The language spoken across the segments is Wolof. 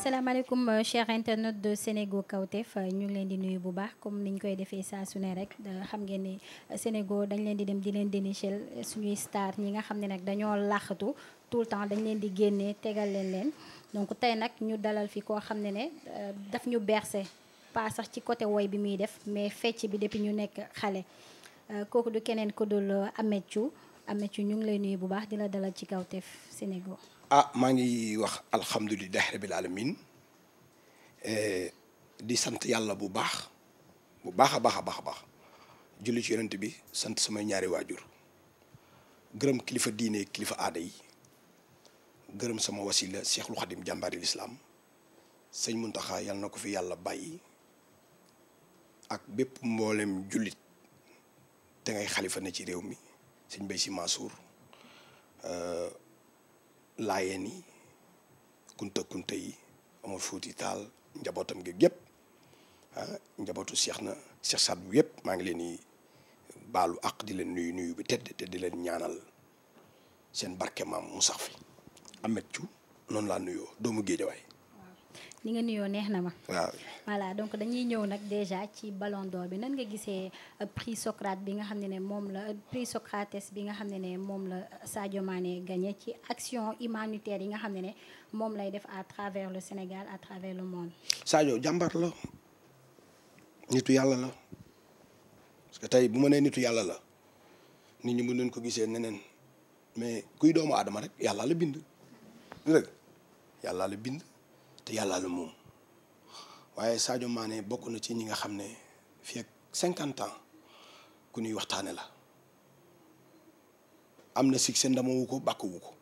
salaamaaleykum euh, chers internautes de Sénégo Kawtef euh, ñu ngi leen di nuyu bu baax comme ni ñu koy defee saa su ne rek euh, xam ngeen ni Sénégo dañ leen di dem di leen dénicher suñuy star ñi nga xam ne nag dañoo làqatu tout le temps dañ leen di génnee tegal leen leen donc tey nag ñu dalal fi koo xam ne ne daf ñu bercé pas sax ci côté woy bi muy def mais fecc bi depuis ñu nekk xale kooku du keneen ku dul Ameth Thiou Ameth Thiou ñu ngi lay nuyu bu baax dina la dalal ci Kawtef Sénégo ah maa ngi wax alhamdulilahi rabil alamin eh, di sant yàlla bu baax bu baax a baax a baax a baax julli ci yonent bi sant samay ñaari waajur gërëm kilifa diine kilifa aada yi gërëm sama wasila Seexul Xadim jàmbaari lislaam sëñ Muntaxa yàlla na ko fi yàlla bàyyi ak bépp mboolem jullit te ngay xalifa ne ci réew mi sëñ Bay Si Mansour eh, laayeen yi kunta kunta yi amul fuuti taal njabootam gi yëpp njabootu seex na seex saat bu yëpp maa ngi leen di baalu àq di leen nuyu nuyu bi tedd te di leen ñaanal seen barke maam mu sax fi amet cu noonu laa nuyoo doomu géejawaay ni nga nuyoo neex na ma. waaw voilà donc dañuy ñëw nag déjà ci ballon d'or bi nan nga gisee euh, prix Socrate bi nga xam ne ne moom la euh, prix Socrates bi nga xam ne ne moom la Sadio Mané gagné ci action humanitaire yi nga xam ne ne moom lay def à travers le Sénégal à travers le monde. Sadio jàmbar la nitu yàlla la parce que bu ma nee nitu yàlla la nit ñi mën nañ ko gisee neneen mais kuy doomu aadama rek yàlla la bind. yàlla la bind. te yàllaa la moom waaye Sadio Mané bokk na ci ñi nga xam ne fii ak cinquante ans ku nuy waxtaane la am na succès ndamawu ko bàkkuwu ko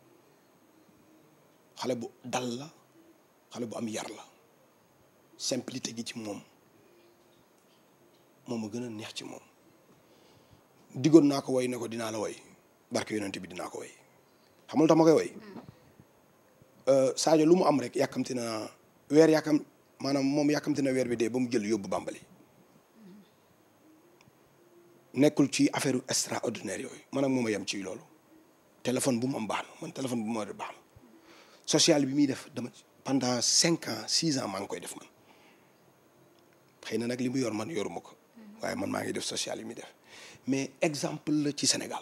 xale bu dal la xale bu am yar la simplite gi ci moom moom a gën a neex ci moom diggoon naa ko woy ne ko dinaa la woy barke yonent bi dinaa ko woy xamul tax ma koy woy mm. Euh, Sadio lu mu am rek yàkkamti na weer yàkkam maanaam moom yàkkamti na weer bi dee ba mu jël yóbbu Bambali nekkul ci affaire extraordinaire yooyu man ak moom ci loolu téléphone bu mu am baax na man téléphone bu mu am baax social bi muy def dama pendant cinq ans six ans maa ngi koy def man xëy na nag li mu yor man yoruma ko waaye man maa ngi def social yi muy def mais exemple la ci Sénégal.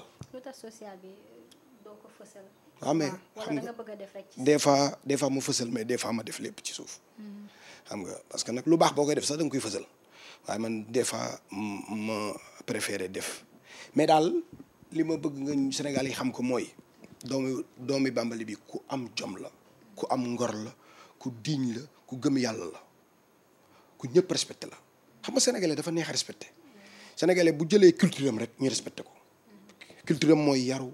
waaw ah, mais ah, xam nga des fois des fois mu fësal mais des fois ma def lépp ci suuf. Hmm. xam nga parce que nag lu baax boo koy def sax da nga koy fësal waaye man des fois ma préféré def mais daal li ma bëgg nga Sénégal yi xam ko mooy doomi doomi Bambali bi ku am jom la ku am ngor la ku diñ la ku gëm yàlla la ku ñëpp respecté la xam nga sénégalais dafa neex a respecté sénégalais bu jëlee culture am rek ñu respecté ko hmm. culture am mooy yaru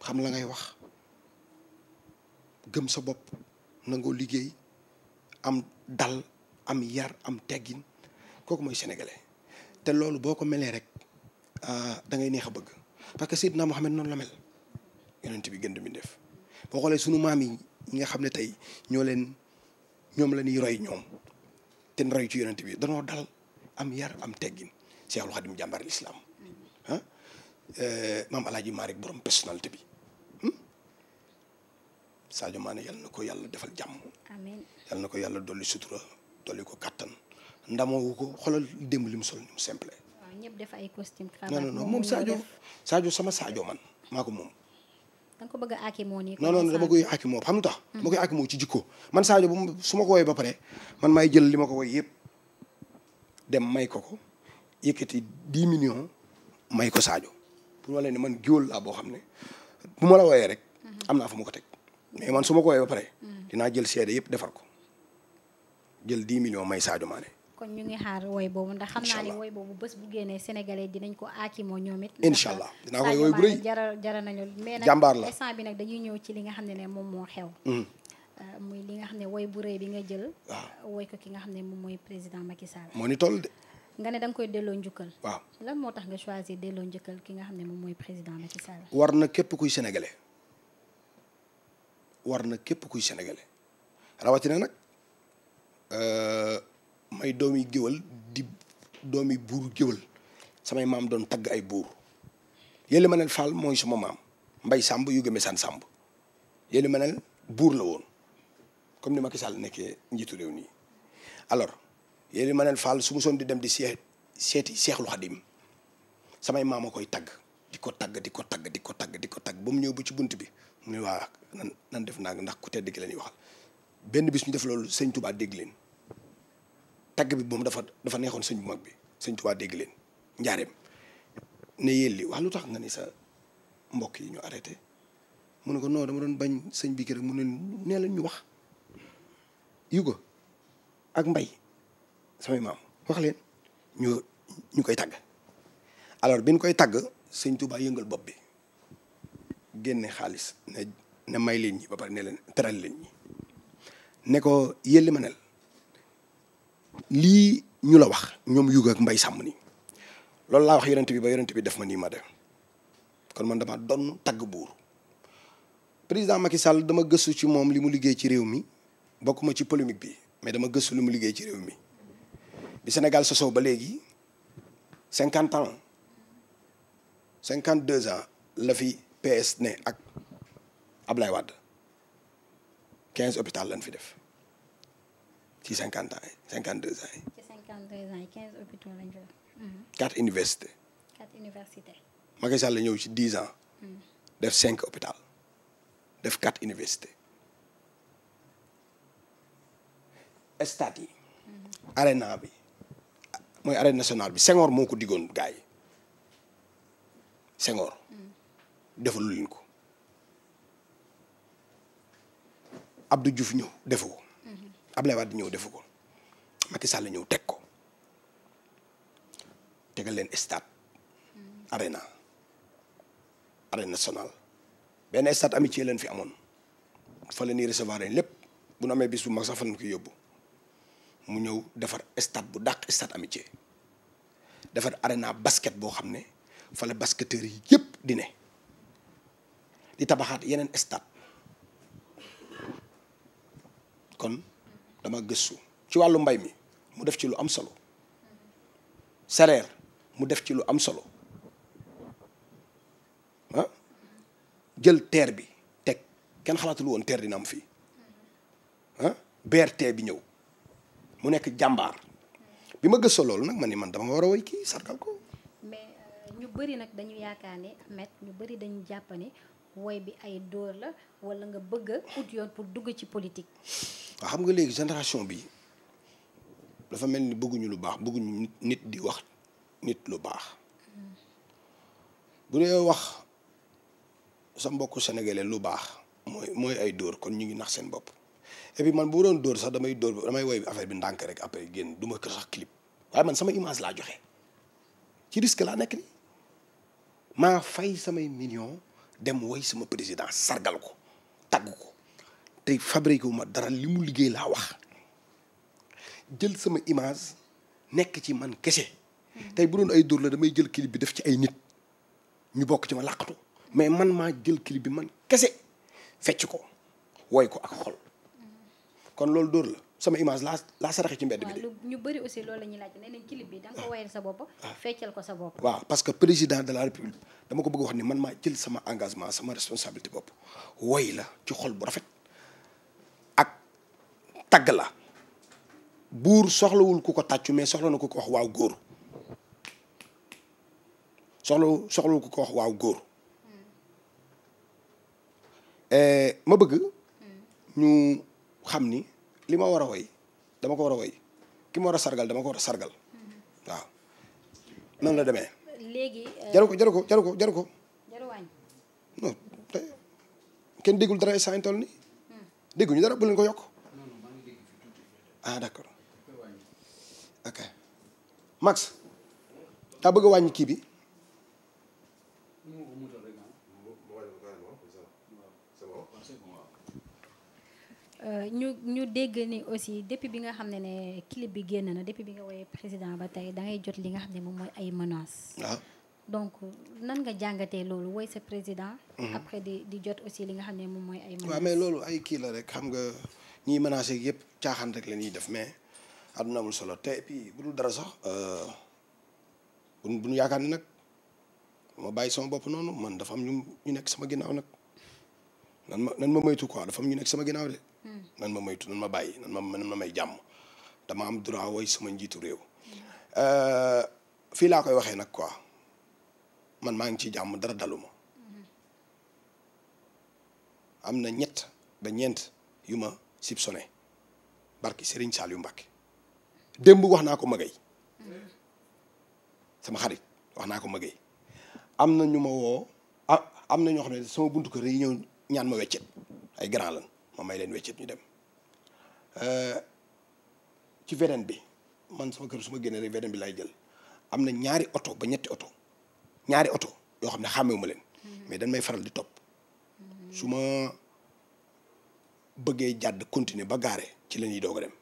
xam la ngay wax gëm sa bopp nangoo liggéey am dal am yar am teggin kooku mooy sénégalais te loolu boo ko melee rek ah, da ngay neex a bëgg parce que Seydina Mohamed noonu la mel yonent bi gën di def boo xoolee sunu maam yi ñi nga xam ne tey ñoo leen ñoom la ñuy roy ñoom te roy ci yonent bi danoo dal am yar am teggin Cheikhul Khadim jàmbaar l'islam ah eh, maam El Hadj Malick borom personnalité bi. Sadio Mané yal na ko yàlla defal jàmm. amiin yal na ko yàlla dolli sutura dolli ko kattan ndamoo ko xoolal démb li mu sol ni mu simple. waaw ñëpp def ay costume cravate. moom Sadio sama Sadio man maa ko moom. da ko bëgg a aakimoo nii. non non hmm. dama koy aakimoo xam nga tax. dama koy ko ba pare man maay jël li ma ko woy yëpp dem may ko ko yëkkati 10 millions may ko Sadio pour wala ne man géwél laa boo xam ne bu ma la wooyee rek. Hmm. am naa fu ma ko teg. mais man su ma ko woowee ba pare. Mm. dinaa jël seede yëpp defar ko jël 10 millions may Sadio Mané. kon ñu ngi xaar woy boobu ndax xam naa ne woy boobu bés bu génnee sénégalais dinañ ko aakimoo ñoom it. incha allah dinaa koy woy bu rëy jara jara nañu. bi nag dañuy ñëw ci li nga xam ne moom moo xew. Mm-hmm. Euh, muy li nga xam ne woy bu rëy bi nga jël. waaw euh, woy ko ki nga xam ne moom mooy président Macky Sall. moo ni toll de. nga ne da nga koy delloo njukkal. waaw lan moo tax nga choisir delloo njukkal ki nga xam ne moom mooy président Macky Sall. war na képp kuy sénégalais. war na képp kuy sénégalais rawatina nag euh, may doomi géwal di doomi buur géwal samay maam doon tagg ay buur yéli ma nel Fall mooy suma maam mbay sàmb yu gëme san sàmb yéli ma nel buur la woon comme ni Macky Sall nekkee njiitu réew nii alors yéli ma nel Fall suma soon di dem di seet seeti seexlu xadim samay maam a koy tagg di ko tagg di ko tagg di ko tagg di ko tagg ba mu ñëw bu ci bunt bi ñu waa nan nan def naa ndax ku tedd ki la ñuy waxal benn bis ñu def loolu sëñ Touba dégg leen tagg bi moom dafa dafa neexoon sëñ bu mag bi sëñ Touba dégg leen njaareem ne yelli wax lu tax nga ni sa mbokk yi ñu arrêté mu ne ko non dama doon bañ sëñ bi kër mu nee la ñu wax yugo ak mbay samay maam wax leen ñu ñu koy tagg alors bi ñu koy tàgg sëñ Touba yëngal bopp bi génne xaalis ne may leen ñi ba pare ne leen teral leen ñi ne ko yëlli ma nel lii ñu la wax ñoom yuga ak mbay sàmm ni loolu laa wax yonent bi ba yonent bi def ma nii ma def kon man dama doon tagg buur président Macky Sall dama gëstu ci moom li mu liggéey ci réew mi bokkuma ci polémique bi mais dama gëstu li mu liggéey ci réew mi bi Sénégal sosoo ba léegi cinquante ans cinquante deux ans la fi PS ne ak Ablaye Wade quinze hôpital lañ fi def ci cinquante ans yi ci cinquante deux ans yi quinze hôpitaux lañ mhm. la ñëw ci dix ans. Mhm. def cinq hôpital def quatre universités. stade yi. Mhm. arena bi mooy arène nationale bi Senghor moo ko diggoon gars yi Senghor. defalu leen ko abdu Diouf ñëw defu ko mhm. Abdoulaye Wade ñëw defu ko Macky Sall ñëw teg ko tegal leen stade mhm. arena arène nationale benn stade amitié leen fi amoon fale la ñuy recevoir lépp bu nu amee bis bu mag sax fa lañ ko yóbbu mu ñëw defar stade bu dàq stade amitié defar na basket boo xam ne fa la basketteurs yëpp di ne di tabaxaat yeneen stade kon dama gëstu ci wàllu mbay mi mu def ci lu am solo salaire mu def ci lu am solo ah jël teer bi teg kenn xalaatul woon teer dina am fii ah BRT bi ñëw mu nekk jàmbaar bi ma gëstoo loolu nag ma ni man dama war a woy kii sargal ko. mais euh, ñu bari nag dañu yaakaar ni Ahmed ñu bëri dañu jàpp woy bi ay dóor la walla nga bëgg a ut yoon pour dugg ci politique. waaw xam nga léegi génération bi dafa mel ni bëgguñu lu baax bëgguñu nit di wax nit lu baax bu dee wax sa mbokku sénégalais lu baax mooy mooy ay dóor kon ñu ngi nax seen bopp. et man bu doon dóor sax damay dóor damay woy affaire bi ndànk rek après génn du ma ko sax clip waaye man sama image laa joxe ci risque laa nekk ni maa fay samay million dem woy sama président sargal ko tagg ko te fabriqué ma dara li mu liggéey laa wax jël sama image nekk ci man kese tey bu doon ay dóor la damay jël clip bi def ci ay nit ñu bokk ci ma làqatu mais man maa jël clip bi man kese fecc ko woy ko ak xol kon loolu dóor la sama image laa laa ci mbedd bi de. ñu bëri aussi loolu la ñuy laaj nee nañ clip bi da nga sa bopp. Ah. feccal ko sa bopp. waaw parce que président de la république dama ko bëgg wax ni man maa jël sama engagement sama responsabilité bopp woy la ci xol bu rafet ak tagg la buur soxlawul ku ko tàccu mais soxla na ku ko wax waaw góor soxla soxlawul ku ko wax waaw góor hmm. eh, ma bëgg hmm. ñu xam ni. li ma war a woy dama ko war a woy ki ma war a sargal dama ko war sargal waaw la demee. léegi. Euh, jaru ko jaru ko jaru ko jaru ko. jaru wàññi. non dara saa yu toll nii. Hmm. dara bu ko yokk. ah d'accord ok Max bëgg a kii bi. Euh, ñu ñu dégg ni aussi depuis bi nga xam ne ne clip bi génn na depuis bi nga woowee président ba tey da ngay jot li nga xam ne moom mooy ay menaces. waaw ah. donc nan nga jàngatee loolu woy sa président. Mhm. après di di jot aussi li nga xam ne moom mooy ay. menaces waaw mais loolu ay kii rek xam nga ñiy menacé yëpp caaxaan rek la ñuy def mais àdduna amul solo te et bu dul dara sax euh, bu bu ñu yaakaar ni nag ma bàyyi sama bopp noonu man dafa am ñu ñu nekk sama ginnaaw nag nan ma nan ma moytu quoi dafa am ñu nekk sama ginnaaw nan ma moytu nan ma bàyyi nan ma nan ma may jàmm dama am droit woy sama njiitu réew. Eh, fii laa koy waxee nag quoi man maa ngi ci jàmm dara daluma am na ñett ñeent yu ma soupçonné barki Serigne Saliou Mbacké démb wax naa ko magay sama xarit wax naa ko magay am na ñu ma woo ah, am na ñoo xam ne sama buntu kër yi ñaan ma weccet ay grand ma may leen weccet ñu dem euh, ci veden bi man sama kër su ma génnee rek veden bi laay jël am na ñaari oto ba ñetti oto ñaari oto yoo xam ne xàmmewuma leen mm-hmm. mais dañ may faral di topp mm-hmm. su ma bëggee jàdd continuer ba gaare ci la ñuy doog a dem.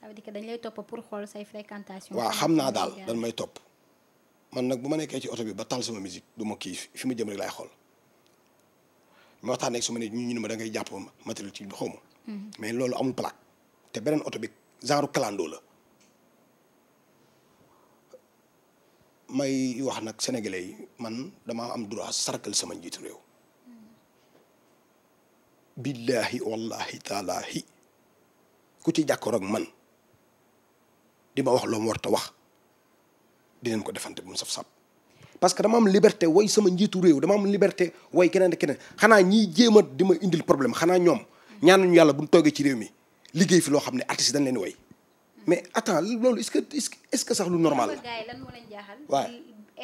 ça veut dire que waaw xam naa daal dañ may topp man nag bu ma nekkee ci oto bi ba taal sama musique du ma kii fi ma jëm rek laay xool. ma waxtaan ak su ma ne ñu ne ma da ngay jàpp maturité bi xaw mm-hmm. mais loolu amul plaque. te beneen oto bi genre clando la may wax nag sénégalais man dama am droit sarkal sama njiitu réew. Mm-hmm. billahi wallahi taalahi ku ci jàkkoor ak man di ma wax loo mu war ta wax dinañ ko defante bu mu saf-saf. parce que dama am liberté woy sama njiitu réew dama am liberté woy keneen keneen xanaa ñiy jéem a di ma indil problème xanaa ñoom ñaanuñu yàlla buñ toogee ci réew mi liggéey fi loo xam ne artistes dañ leen woy mais attends loolu est-ce ce que sax lu normal la. gars yi lan moo leen jaaxal. waaw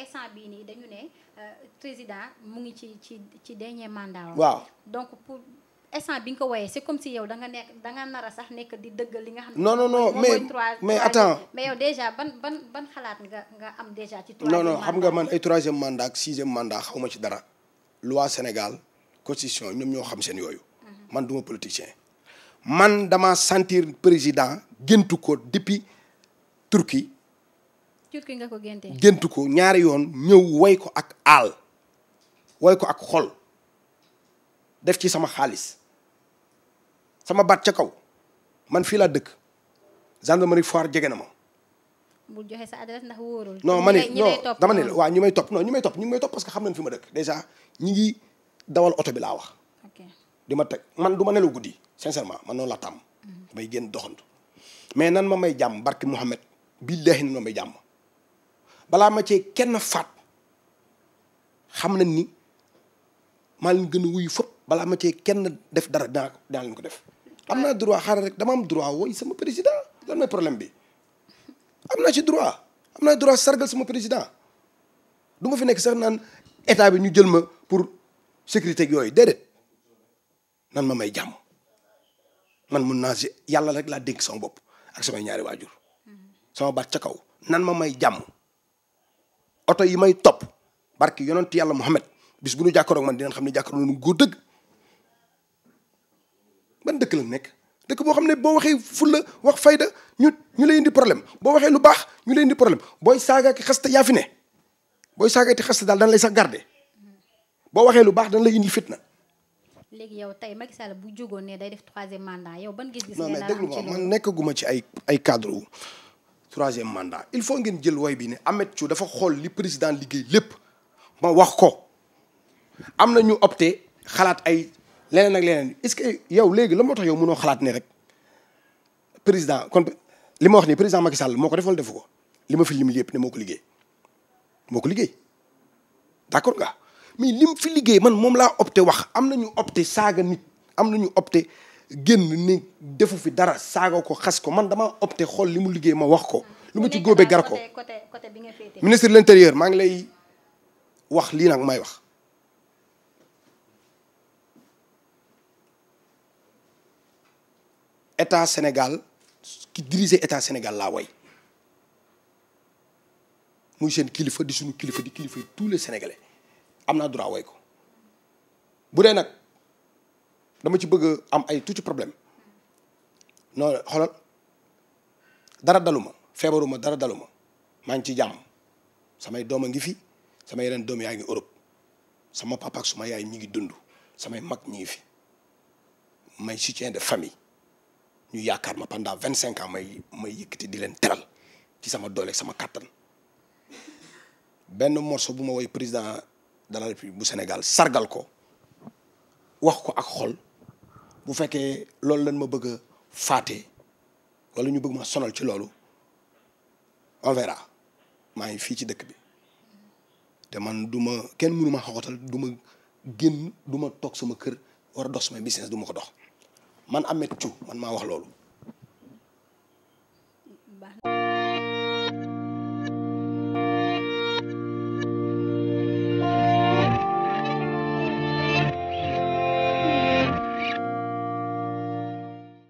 instant bii nii dañu ne euh, président mu ngi ci ci ci dernier mandat. waaw instant bi nga ko woyee c'est comme si yow da nga nekk da nga nar a sax nekk di dëggal li nga xam. non non non mais mais attends mais yow déjà ban ban ban xalaat nga am déjà. ci troisième xam nga man ay troisième mandat ak sixième mandat xaw ma ci dara. loi Sénégal constitution ñoo xam seen yooyu. Mhm. man duma politicien. man dama sentir président géntu ko depuis Turquie. Turquie nga ko géntee. géntu ko ñaari yoon ñëw woy ko ak aal woy ko ak xol def ci sama xaalis. sama baat ca kaw man fii laa dëkk gendarmerie Foire jege na ma. bu joxe sa adresse ndax wóorul. non ma ne non dama ne waaw ñu may topp non ñu may topp ñu may topp parce que xam nañ ngi dawal oto bi laa wax. di ma teg man du ma nelaw guddi sincèrement man noonu laa may génn doxantu mais nan ma may jàmm barki Mouhamed billahi nan ma may jàmm balaa ma cee kenn faat xam nañ ni maa leen gën a wuyu fëpp balaa ma cee kenn def dara dinaa dinaa leen ko def. am naa droit xaaral rek dama am droit woy sama président lan mooy problème bi am naa ci droit am naa droit sargal sama président duma fi nekk sax nan état bi ñu jël ma pour sécurité yooyu déedéet nan ma may jàmm man mun naa si yàlla rek laa dénk sama bopp ak samay ñaari waajur sama baat ca kaw nan ma may jàmm oto yi may topp barki yonent yàlla Muhammad bis bu ñu jàkkaroog man dinañ xam ne jàkkaroog nu góor dëgg ban dëkk la nekk dëkk boo xam ne boo waxee fulla wax fayda ñu ñu lay indi problème boo waxee lu baax ñu lay indi problème booy saaga ak xasta yaa fi ne booy saaga ak xasta daal dana lay sax garde boo waxee lu baax dana lay indi fitna. léegi yow tey Macky Sall bu jógoon ne day def troisième mandat yow ban gis-gis. non mais déglu ma man nekkaguma ci ay ay cadre troisième mandat il faut ngeen jël woy bi ne Ahmed Thiou dafa xool li président liggéey lépp ma wax ko am na ñu opté xalaat ay. leneen ak leneen est-ce que yow léegi la moo tax yow noo xalaat nii rek président kon li ma wax nii président Macky Sall moo ko def wala defu ko li ma fi lim yëpp ne moo ko liggéey moo ko liggéey d'accord nga mais lim fi liggéey man moom laa opté wax am nañu opté saaga nit am na ñu opte génn ni defu fi dara saaga ko xas ko man dama opté xool li mu liggéey ma wax ko lu ma ci góobee gar ko ministre de l'intérieur maa ngi lay wax lii nag may wax état Sénégal ki diriger état Sénégal laa way muy seen kilifa di suñu kilifa di kilifa yi tous les sénégalais am naa droit way ko bu dee nag dama ci bëgg am ay tuuti problème non xoolal dara daluma feebaruma dara daluma maa ngi ci jàmm samay doom a ngi fi sama yeneen doom yaa ngi Europe sama papa suma yaay ñi ngi dund samay mag ñi ngi fi may soutien de famille. ñu yaakaar ma pendant vingt cinq ans may may te di leen teral ci sama doole sama kàttan benn morso bu ma woy président de la république bu Sénégal sargal ko wax ko ak xol bu fekkee loolu lañ ma bëgg a faatee wala ñu bëgg ma sonal ci loolu on verra maa ngi fii ci dëkk bi te man du ma kenn mënu ma xoxatal du ma génn du ma toog sama kër war a dox sama business du ma ko dox man Ameth Thiou man maa wax loolu